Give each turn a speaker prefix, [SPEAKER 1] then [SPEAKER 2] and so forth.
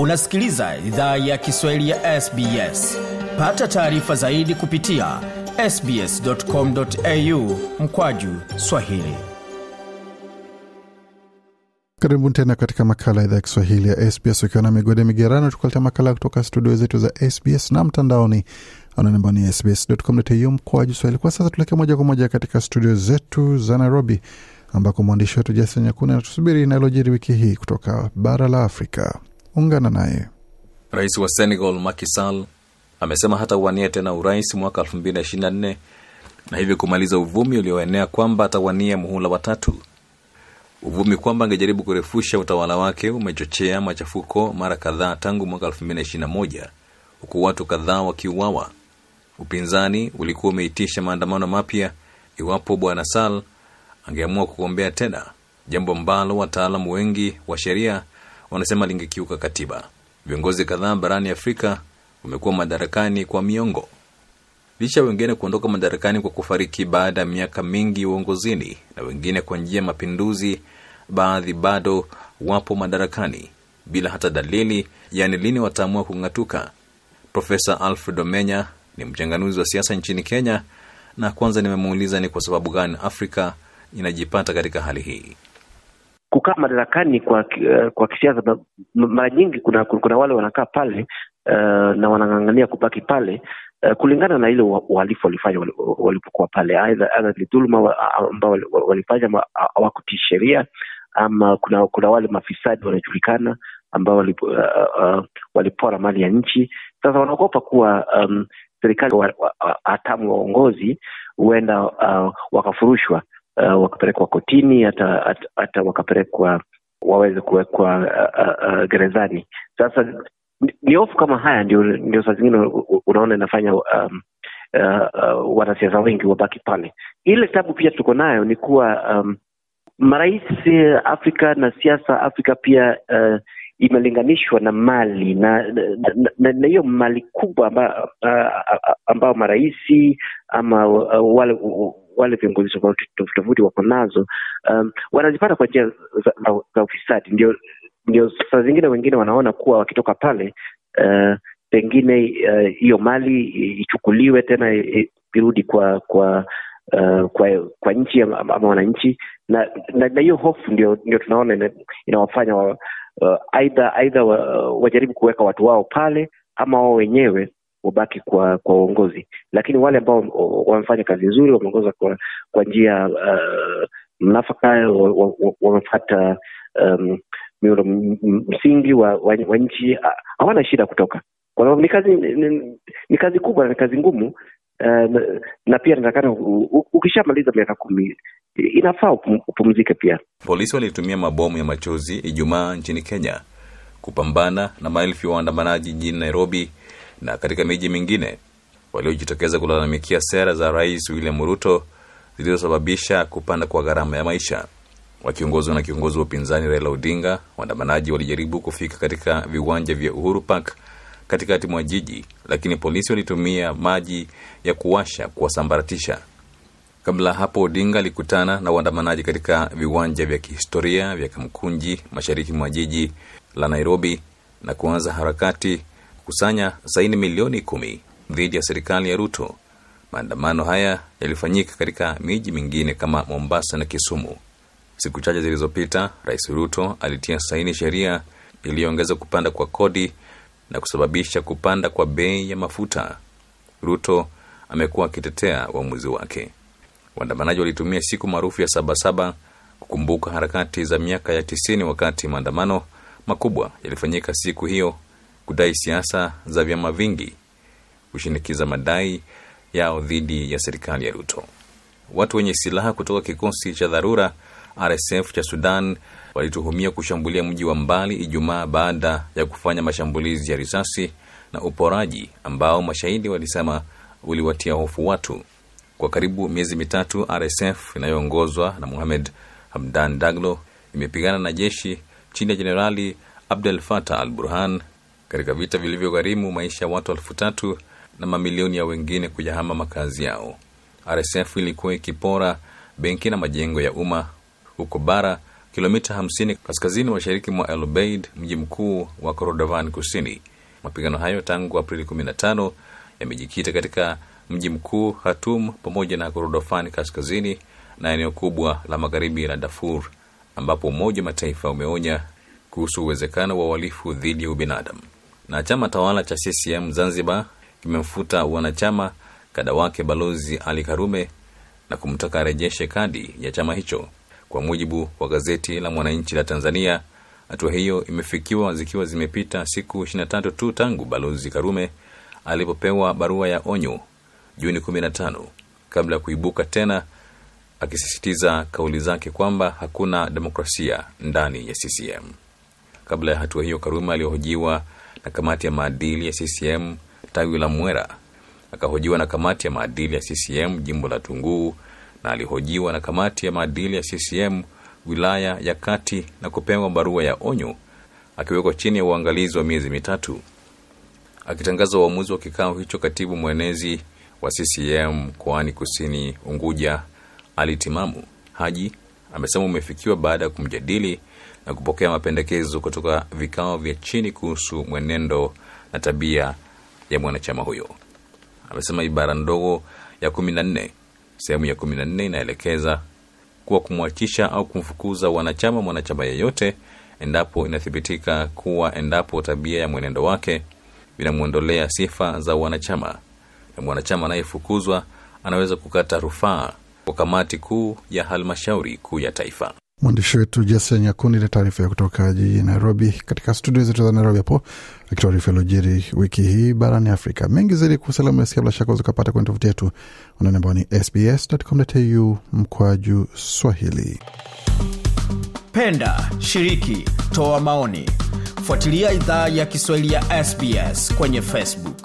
[SPEAKER 1] unasikiliza idhaa ya kiswahili ya sbs pata taarifa zaidi kupitia sbscomau mkwaju swahili
[SPEAKER 2] karibuni tena katika makala ya idhaa ya kiswahili ya sbs ukiwa na migode migerano tukaleta makala kutoka studio zetu za sbs na mtandaoni ananambani ya sbscomau mkwaju swahili kwa sasa tulekea moja kwa moja katika studio zetu za nairobi ambako mwandishi wetu jason nyakuni anatusubiri inalojiri wiki hii kutoka bara la afrika Ungana naye.
[SPEAKER 1] Rais wa Senegal makisal amesema hata uwania tena urais mwaka 2024 na hivyo kumaliza uvumi ulioenea kwamba atawania muhula watatu. Uvumi kwamba angejaribu kurefusha utawala wake umechochea machafuko mara kadhaa tangu mwaka 2021 huku watu kadhaa wakiuawa. Upinzani ulikuwa umeitisha maandamano mapya iwapo bwana sal angeamua kugombea tena, jambo ambalo wataalamu wengi wa sheria wanasema lingekiuka katiba. Viongozi kadhaa barani Afrika wamekuwa madarakani kwa miongo, licha wengine kuondoka madarakani kwa kufariki baada ya miaka mingi uongozini, na wengine kwa njia ya mapinduzi. Baadhi bado wapo madarakani bila hata dalili, yaani lini wataamua kung'atuka. Profesa Alfred Omenya ni mchanganuzi wa siasa nchini Kenya, na kwanza nimemuuliza ni kwa sababu gani Afrika inajipata katika hali hii
[SPEAKER 3] kukaa madarakani kwa eh, kwa kisiasa, mara nyingi kuna kuna wale wanakaa pale uh, na wanang'ang'ania kubaki pale uh, kulingana na ile uhalifu walifanya walipokuwa pale, aidha ni dhuluma ambao walifanya awakutii sheria, ama kuna kuna wale mafisadi wanajulikana ambao walipo, uh, uh, walipora mali ya nchi. Sasa wanaogopa kuwa um, serikali hatamu wa, wa, wa, waongozi huenda uh, wakafurushwa uh, wakapelekwa kotini hata, hata, hata wakapelekwa waweze kuwekwa uh, uh, uh, gerezani. Sasa ni hofu kama haya ndio, ndio saa zingine unaona inafanya um, uh, uh, wanasiasa wengi wabaki pale. Ile tabu pia tuko nayo ni kuwa um, marais uh, Afrika na siasa Afrika pia uh, imelinganishwa na mali na hiyo mali kubwa ambayo amba uh, marahisi ama wale wale viongozi tofauti tofauti wako nazo um, wanazipata kwa njia za, za ufisadi. Ndio, ndio saa zingine wengine wanaona kuwa wakitoka pale uh, pengine uh, hiyo uh, mali ichukuliwe tena irudi kwa kwa uh, kwa kwa nchi ama wananchi, na na, hiyo hofu ndio ndio tunaona inawafanya aidha uh, aidha wajaribu kuweka watu wao pale ama wao wenyewe wabaki kwa kwa uongozi, lakini wale ambao wamefanya kazi nzuri, wameongoza kwa kwa njia uh, mnafaka, wamefata um, miundo msingi wa, wa, wa nchi, hawana shida kutoka kwa sababu ni kazi ni, ni kazi kubwa na ni kazi ngumu. Uh, um, na, na pia inatakana ukishamaliza miaka kumi inafaa upumzike. Pia
[SPEAKER 1] polisi walitumia mabomu ya machozi Ijumaa nchini Kenya kupambana na maelfu ya waandamanaji jijini Nairobi na katika miji mingine waliojitokeza kulalamikia sera za Rais William Ruto zilizosababisha kupanda kwa gharama ya maisha. Wakiongozwa na kiongozi wa upinzani Raila Odinga, waandamanaji walijaribu kufika katika viwanja vya Uhuru Park katikati mwa jiji, lakini polisi walitumia maji ya kuwasha kuwasambaratisha. Kabla hapo, Odinga alikutana na waandamanaji katika viwanja vya kihistoria vya Kamkunji, mashariki mwa jiji la Nairobi, na kuanza harakati kukusanya saini milioni kumi dhidi ya serikali ya Ruto. Maandamano haya yalifanyika katika miji mingine kama Mombasa na Kisumu. Siku chache zilizopita, Rais Ruto alitia saini sheria iliyoongeza kupanda kwa kodi na kusababisha kupanda kwa bei ya mafuta. Ruto amekuwa akitetea uamuzi wake. Waandamanaji walitumia siku maarufu ya Sabasaba kukumbuka harakati za miaka ya tisini wakati maandamano makubwa yalifanyika siku hiyo kudai siasa za vyama vingi kushinikiza madai yao dhidi ya serikali ya Ruto. Watu wenye silaha kutoka kikosi cha dharura RSF cha Sudan walituhumia kushambulia mji wa Mbali Ijumaa baada ya kufanya mashambulizi ya risasi na uporaji ambao mashahidi walisema uliwatia hofu watu. Kwa karibu miezi mitatu, RSF inayoongozwa na muhamed Hamdan Daglo imepigana na jeshi chini ya Jenerali Abdel fatah al-Burhan katika vita vilivyogharimu maisha ya watu elfu tatu na mamilioni ya wengine kuyahama makazi yao. RSF ilikuwa ikipora benki na majengo ya umma huko Bara, kilomita 50 kaskazini mashariki mwa elbeid mji mkuu wa Korodovan Kusini. Mapigano hayo tangu Aprili 15 yamejikita katika mji mkuu hatum pamoja na Kordofan Kaskazini na eneo kubwa la magharibi la dafur ambapo Umoja wa Mataifa umeonya kuhusu uwezekano wa uhalifu dhidi ya ubinadamu na chama tawala cha CCM Zanzibar kimemfuta wanachama kada wake Balozi Ali Karume na kumtaka arejeshe kadi ya chama hicho. Kwa mujibu wa gazeti la Mwananchi la Tanzania, hatua hiyo imefikiwa zikiwa zimepita siku 23 tu tangu Balozi Karume alipopewa barua ya onyo Juni 15 kabla ya kuibuka tena akisisitiza kauli zake kwamba hakuna demokrasia ndani ya CCM. Kabla ya hatua hiyo, Karume aliyohojiwa na kamati ya maadili ya CCM tawi la Mwera, akahojiwa na kamati ya maadili ya CCM jimbo la Tunguu na alihojiwa na kamati ya maadili ya CCM wilaya ya Kati na kupewa barua ya onyo akiwekwa chini ya uangalizi wa miezi mitatu. Akitangaza uamuzi wa kikao hicho, katibu mwenezi wa CCM mkoani Kusini Unguja Ali Timamu Haji amesema umefikiwa baada ya kumjadili na kupokea mapendekezo kutoka vikao vya chini kuhusu mwenendo na tabia ya mwanachama huyo. Amesema ibara ndogo ya kumi na nne sehemu ya kumi na nne inaelekeza kuwa kumwachisha au kumfukuza wanachama mwanachama yeyote endapo inathibitika kuwa endapo tabia ya mwenendo wake vinamwondolea sifa za wanachama, na mwanachama anayefukuzwa anaweza kukata rufaa kwa kamati kuu ya halmashauri kuu ya taifa.
[SPEAKER 2] Mwandishi wetu Jesse nyakundi na taarifa ya kutoka jijini Nairobi, katika studio zetu za Nairobi hapo akitoarifa ilojiri wiki hii barani Afrika. Mengi zaidi kuhusu asikia, bila shaka uzikapata kwenye tovuti yetu unaone ambao ni sbs.com.au mkwaju Swahili.
[SPEAKER 1] Penda, shiriki, toa maoni, fuatilia idhaa ya Kiswahili ya SBS kwenye Facebook.